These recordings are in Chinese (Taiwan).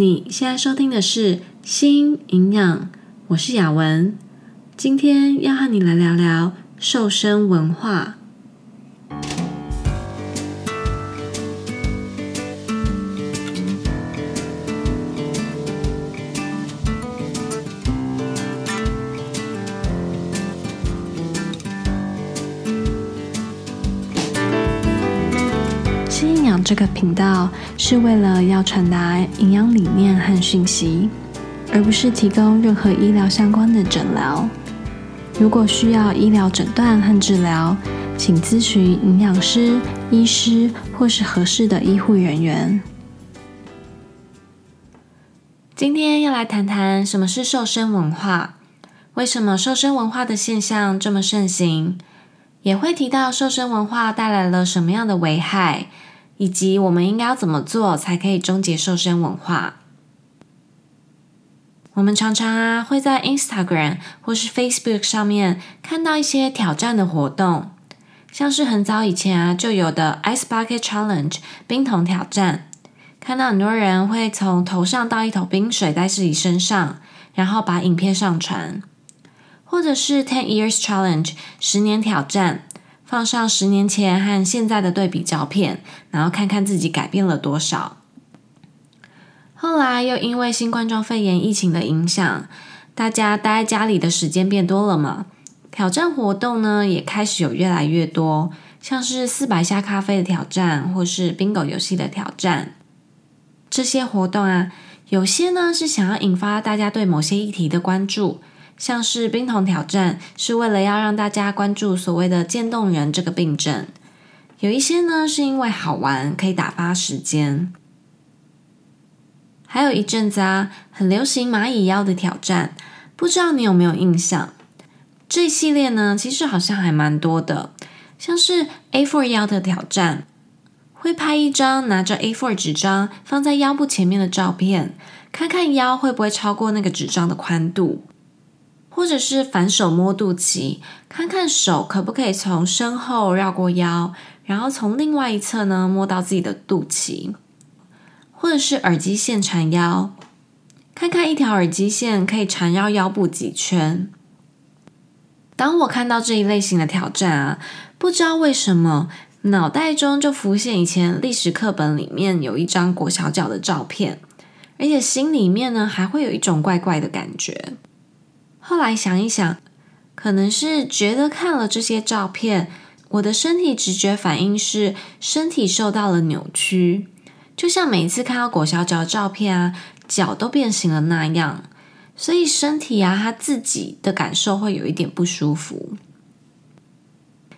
你現在收聽的是《新營養》，我是雅雯，今天要和你來聊聊瘦身文化。這個頻道是為了要傳達營養理念和訊息，而不是提供任何醫療相關的診療。如果需要醫療診斷和治療，請諮詢營養師、醫師或是合適的醫護人員。今天要來談談什麼是瘦身文化，為什麼瘦身文化的現象這麼盛行，也會提到瘦身文化帶來了什麼樣的危害。以及我們應該要怎麼做才可以終結瘦身文化？我們常常啊會在 Instagram 或是 Facebook 上面看到一些挑戰的活動，像是很早以前啊就有的 Ice Bucket Challenge 冰桶挑戰，看到很多人會從頭上倒一桶冰水在自己身上，然後把影片上傳，或者是 Ten Years Challenge 十年挑戰。放上十年前和現在的對比照片，然後看看自己改變了多少。後來又因為新冠狀肺炎疫情的影響，大家待在家裡的時間變多了嘛，挑戰活動呢也開始有越來越多，像是四百下咖啡的挑戰，或是賓果遊戲的挑戰。這些活動啊，有些呢是想要引發大家對某些議題的關注。像是冰桶挑戰，是為了要讓大家關注所謂的漸凍人這個病症。有一些呢，是因為好玩，可以打發時間。還有一陣子啊，很流行螞蟻腰的挑戰，不知道你有沒有印象？這一系列呢，其實好像還蠻多的，像是 A4 腰的挑戰，會拍一張拿着 A4 紙張放在腰部前面的照片，看看腰會不會超過那個紙張的寬度。或者是反手摸肚臍，看看手可不可以從身後繞過腰，然後從另外一側呢摸到自己的肚臍；或者是耳機線纏腰，看看一條耳機線可以纏繞腰,腰部幾圈。當我看到這一類型的挑戰啊，不知道為什麼腦袋中就浮現以前歷史課本裡面有一張裹小腳的照片，而且心裡面呢還會有一種怪怪的感覺。後來想一想，可能是覺得看了這些照片，我的身體直覺反應是身體受到了扭曲，就像每次看到裹小腳的照片啊，腳都變形了那樣，所以身體啊，它自己的感受會有一點不舒服。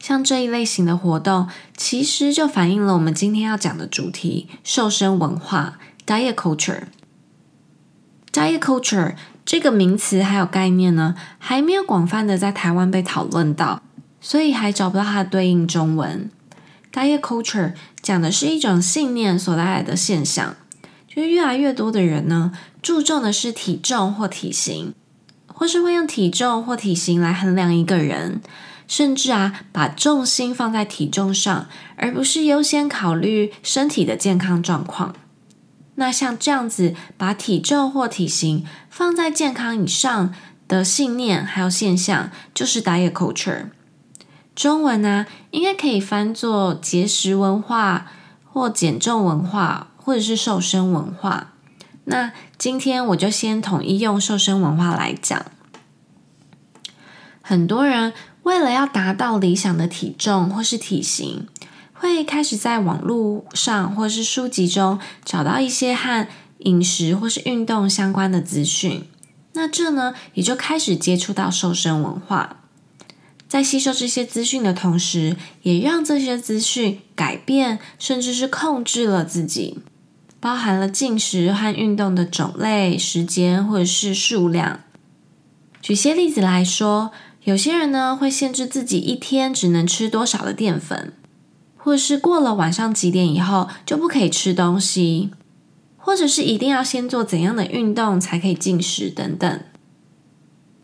像這一類型的活動，其實就反映了我們今天要講的主題——瘦身文化 （diet culture）。diet culture。這個名詞還有概念呢，還沒有廣泛的在台灣被討論到，所以還找不到它的對應中文。Diet Culture 講的是一種信念所帶來的現象，就是越來越多的人呢，注重的是體重或體型，或是會用體重或體型來衡量一個人，甚至啊，把重心放在體重上，而不是優先考慮身體的健康狀況。那像這樣子，把體重或體型放在健康以上的信念，還有現象，就是 Diet Culture。中文呢、啊，應該可以翻作節食文化，或減重文化，或者是瘦身文化。那今天我就先統一用瘦身文化來講。很多人為了要達到理想的體重或是體型，會開始在網絡上或是書籍中找到一些和飲食或是運動相關的資訊，那這呢也就開始接觸到瘦身文化。在吸收這些資訊的同時，也讓這些資訊改變甚至是控制了自己，包含了進食和運動的種類、時間或者是數量。舉些例子來說，有些人呢會限制自己一天只能吃多少的澱粉。或是過了晚上幾點以後就不可以吃東西，或者是一定要先做怎樣的運動才可以進食等等。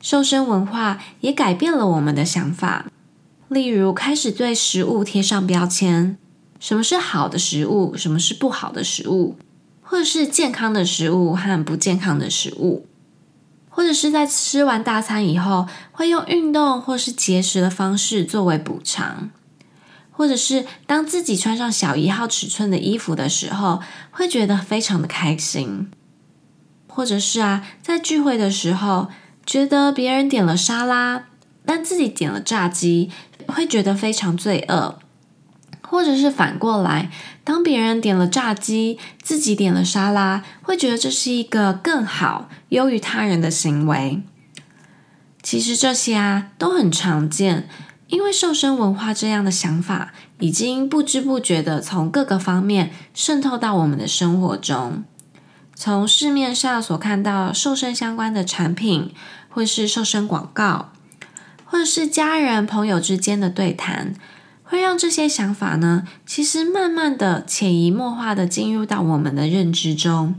瘦身文化也改變了我們的想法，例如開始對食物貼上標籤，什麼是好的食物，什麼是不好的食物，或者是健康的食物和不健康的食物，或者是在吃完大餐以後會用運動或是節食的方式作為補償。或者是當自己穿上小一號尺寸的衣服的時候，會覺得非常的開心；或者是啊，在聚會的時候，覺得別人點了沙拉，但自己點了炸雞，會覺得非常罪惡；或者是反過來，當別人點了炸雞，自己點了沙拉，會覺得這是一個更好，優於他人的行為。其實這些啊，都很常見。因為瘦身文化這樣的想法，已經不知不覺的從各個方面滲透到我們的生活中。從市面上所看到瘦身相關的產品，或是瘦身廣告，或是家人朋友之間的對談，會讓這些想法呢，其實慢慢的潛移默化的進入到我們的認知中，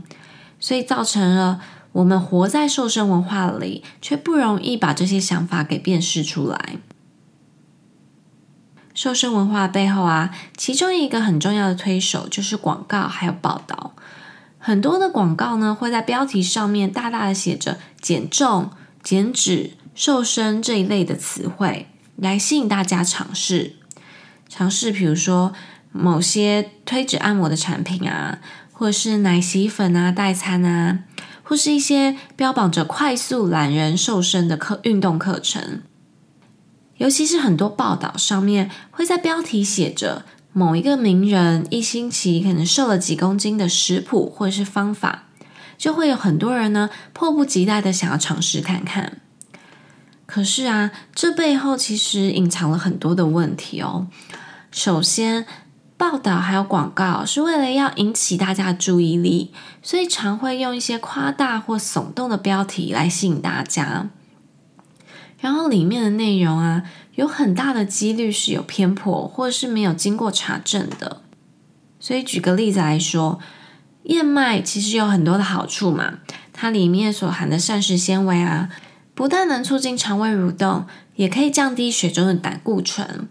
所以造成了我們活在瘦身文化裡，卻不容易把這些想法給辨識出來。瘦身文化背後啊，其中一個很重要的推手就是廣告還有報道。很多的廣告呢，會在標題上面大大的寫着“減重、減脂、瘦身”這一類的詞彙，來吸引大家嘗試。嘗試比如說某些推脂按摩的產品啊，或者是奶昔粉啊、代餐啊，或是一些標榜着快速懶人瘦身的課、運動課程。尤其是很多報道上面會在標題寫着某一個名人一星期可能瘦了幾公斤的食譜或者是方法，就會有很多人呢迫不及待的想要嘗試看看。可是啊，這背後其實隱藏了很多的問題哦。首先，報道還有廣告是為了要引起大家注意力，所以常會用一些誇大或聳動的標題來吸引大家。然後裡面的內容啊，有很大的幾率是有偏頗，或者是沒有經過查證的。所以舉個例子來說，燕麥其實有很多的好處嘛，它裡面所含的膳食纖維啊，不但能促進腸胃蠕動，也可以降低血中的膽固醇。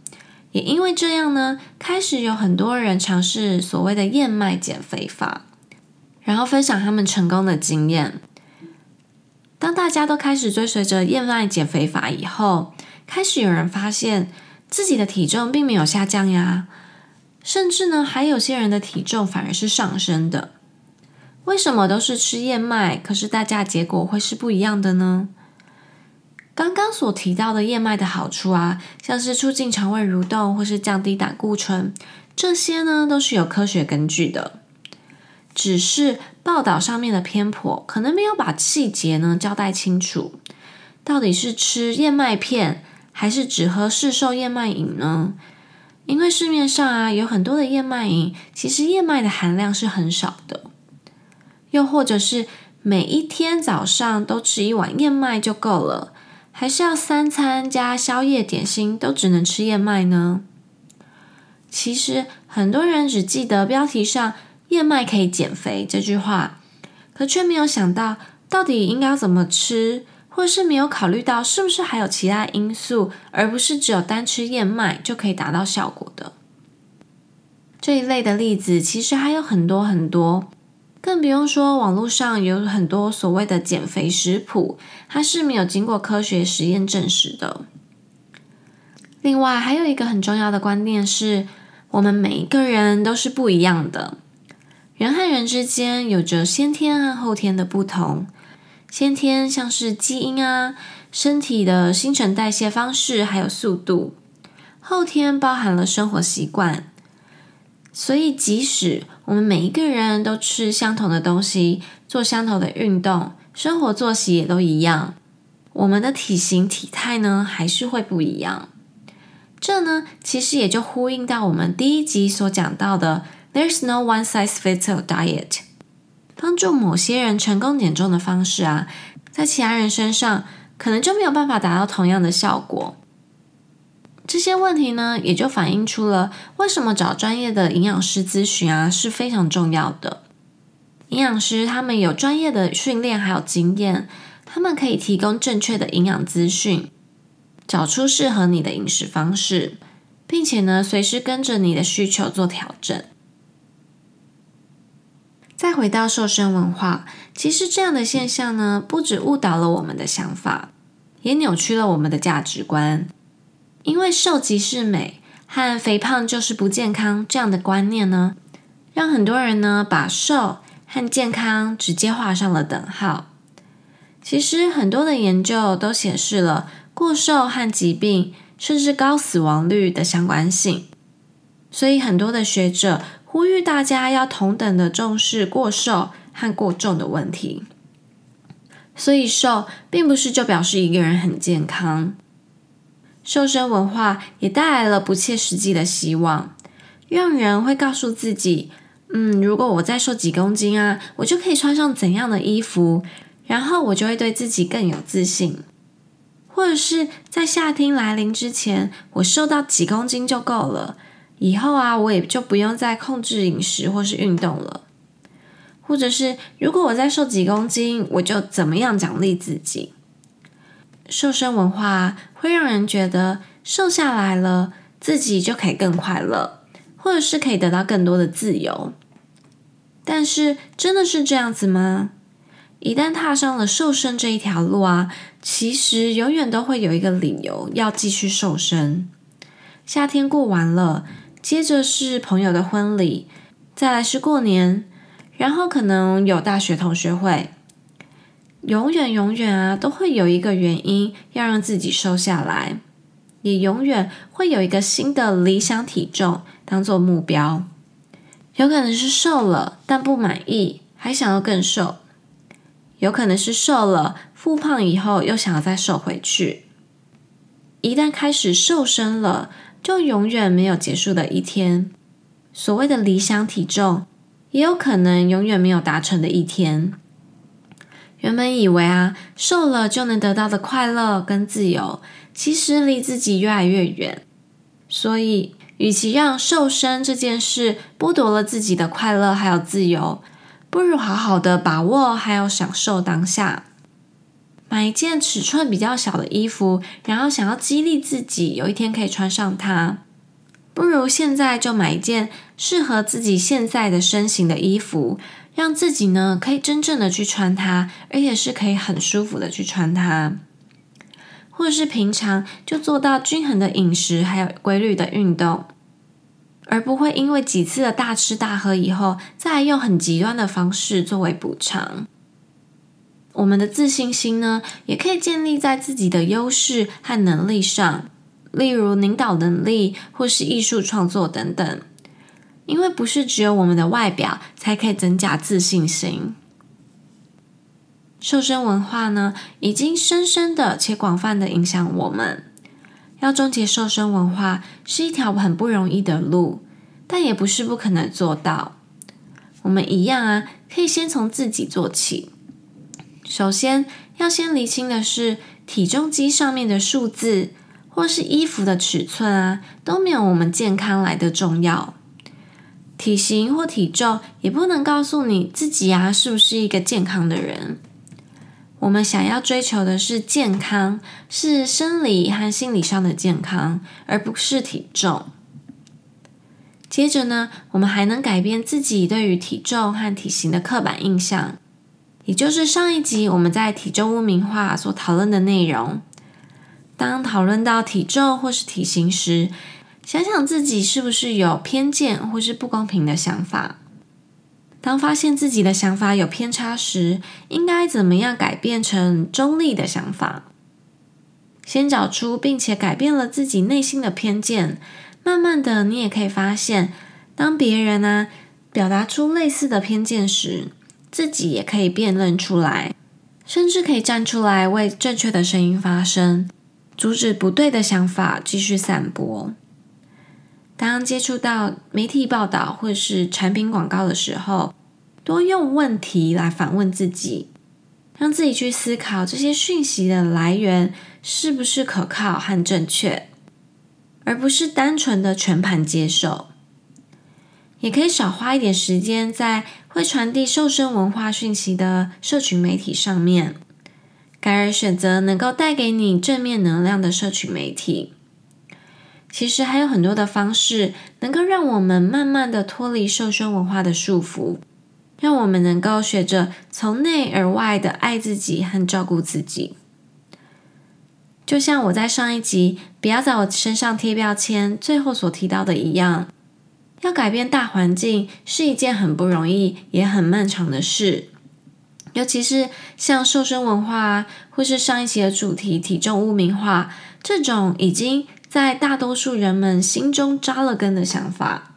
也因為這樣呢，開始有很多人嘗試所謂的燕麥減肥法，然後分享他們成功的經驗。大家都開始追隨着燕麥減肥法以後，開始有人發現自己的體重並沒有下降呀，甚至呢還有些人的體重反而是上升的。為什麼都是吃燕麥，可是大家結果會是不一樣的呢？剛剛所提到的燕麥的好處啊，像是促進腸胃蠕動或是降低膽固醇，這些呢都是有科學根據的。只是報道上面的偏頗，可能沒有把細節呢交代清楚。到底是吃燕麥片，還是只喝市售燕麥飲呢？因為市面上啊有很多的燕麥飲，其實燕麥的含量是很少的。又或者是每一天早上都吃一碗燕麥就夠了，還是要三餐加宵夜點心都只能吃燕麥呢？其實很多人只記得標題上。燕麥可以減肥這句話，可卻沒有想到到底應該要怎麼吃，或是沒有考慮到是不是還有其他因素，而不是只有單吃燕麥就可以達到效果的。這一類的例子其實還有很多很多，更不用說網絡上有很多所謂的減肥食譜，它是沒有經過科學實驗證實的。另外，還有一個很重要的觀念是，我們每一個人都是不一樣的。人和人之間有着先天和後天的不同，先天像是基因啊、身體的新陳代謝方式還有速度，後天包含了生活習慣。所以，即使我們每一個人都吃相同的東西、做相同的運動、生活作息也都一樣，我們的體型體態呢還是會不一樣。這呢，其實也就呼應到我們第一集所講到的。There's no one-size-fits-all diet。幫助某些人成功減重的方式啊，在其他人身上可能就沒有辦法達到同樣的效果。這些問題呢，也就反映出了為什麼找專業的營養師諮詢啊是非常重要的。營養師他們有專業的訓練還有經驗，他們可以提供正確的營養資訊，找出適合你的飲食方式，並且呢，隨時跟着你的需求做調整。再回到瘦身文化，其實這樣的現象呢，不止誤導了我們的想法，也扭曲了我們的價值觀。因為“瘦即是美”和“肥胖就是不健康”這樣的觀念呢，讓很多人呢把瘦和健康直接畫上了等號。其實很多的研究都顯示了過瘦和疾病甚至高死亡率的相關性，所以很多的學者，呼籲大家要同等的重視過瘦和過重的問題，所以瘦並不是就表示一個人很健康。瘦身文化也帶來了不切實際的希望，讓人會告訴自己：“嗯，如果我再瘦幾公斤啊，我就可以穿上怎樣的衣服，然後我就會對自己更有自信。”或者是在夏天來臨之前，我瘦到幾公斤就夠了。以後啊，我也就不用再控制飲食或是運動了，或者是如果我再瘦幾公斤，我就怎麼樣獎勵自己？瘦身文化會讓人覺得瘦下來了，自己就可以更快樂，或者是可以得到更多的自由。但是真的是這樣子嗎？一旦踏上了瘦身這一條路啊，其實永遠都會有一個理由要繼續瘦身。夏天過完了。接着是朋友的婚禮，再來是過年，然後可能有大學同學會，永遠永遠啊，都會有一個原因要讓自己瘦下來，也永遠會有一個新的理想體重當做目標。有可能是瘦了但不滿意，還想要更瘦；有可能是瘦了復胖以後又想要再瘦回去。一旦開始瘦身了。就永遠沒有結束的一天，所謂的理想體重，也有可能永遠沒有達成的一天。原本以為啊，瘦了就能得到的快樂跟自由，其實離自己越來越遠。所以，與其讓瘦身這件事剝奪了自己的快樂還有自由，不如好好的把握還有享受當下。買一件尺寸比較小的衣服，然後想要激勵自己有一天可以穿上它，不如現在就買一件適合自己現在的身形的衣服，讓自己呢可以真正的去穿它，而且是可以很舒服的去穿它。或者是平常就做到均衡的飲食，還有規律的運動，而不會因為幾次的大吃大喝以後，再用很極端的方式作為補償。我們的自信心呢，也可以建立在自己的優勢和能力上，例如領導能力或是藝術創作等等。因為不是只有我們的外表才可以增加自信心。瘦身文化呢，已經深深的且廣泛的影響我們。要終結瘦身文化是一條很不容易的路，但也不是不可能做到。我們一樣啊，可以先從自己做起。首先要先釐清的是，體重機上面的數字或是衣服的尺寸啊，都沒有我們健康來得重要。體型或體重也不能告訴你自己啊是不是一個健康的人。我們想要追求的是健康，是生理和心理上的健康，而不是體重。接着呢，我們還能改變自己對於體重和體型的刻板印象。也就是上一集我們在體重污名化所討論的內容。當討論到體重或是體型時，想想自己是不是有偏見或是不公平的想法。當發現自己的想法有偏差時，應該怎麼樣改變成中立的想法？先找出並且改變了自己內心的偏見，慢慢的你也可以發現，當別人呢，啊，表達出類似的偏見時。自己也可以辨認出來，甚至可以站出來為正確的聲音發聲，阻止不對的想法繼續散播。當接觸到媒體報道或是產品廣告的時候，多用問題來反問自己，讓自己去思考這些訊息的來源是不是可靠和正確，而不是單純的全盤接受。也可以少花一點時間在會傳遞瘦身文化訊息的社群媒體上面，改而選擇能夠帶給你正面能量的社群媒體。其實還有很多的方式能夠讓我們慢慢的脫離瘦身文化的束縛，讓我們能夠學着從內而外的愛自己和照顧自己。就像我在上一集“不要在我身上貼標籤”最後所提到的一樣。要改變大環境是一件很不容易也很漫長的事，尤其是像瘦身文化啊，或是上一期的主題體重污名化，這種已經在大多數人們心中扎了根的想法，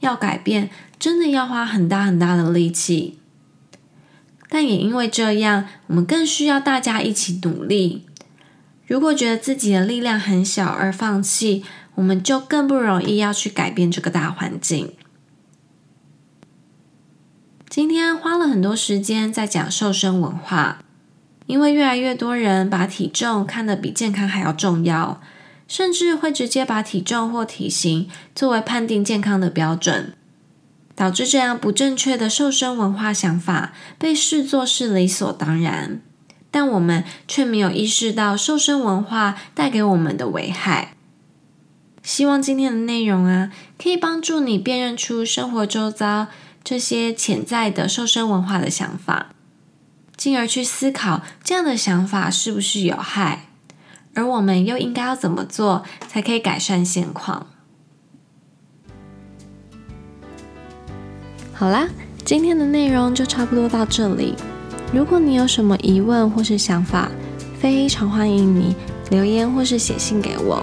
要改變真的要花很大很大的力氣。但也因為這樣，我們更需要大家一起努力。如果覺得自己的力量很小而放棄。我們就更不容易要去改變這個大環境。今天花了很多時間在講瘦身文化，因為越來越多人把體重看得比健康還要重要，甚至會直接把體重或體型作為判定健康的標準，導致這樣不正確的瘦身文化想法被視作是理所當然。但我們卻沒有意識到瘦身文化帶給我們的危害。希望今天的內容啊，可以幫助你辨認出生活周遭這些潛在的瘦身文化的想法，進而去思考這樣的想法是不是有害，而我們又應該要怎麼做才可以改善現況？好啦，今天的內容就差不多到這裡。如果你有什麼疑問或是想法，非常歡迎你留言或是寫信給我。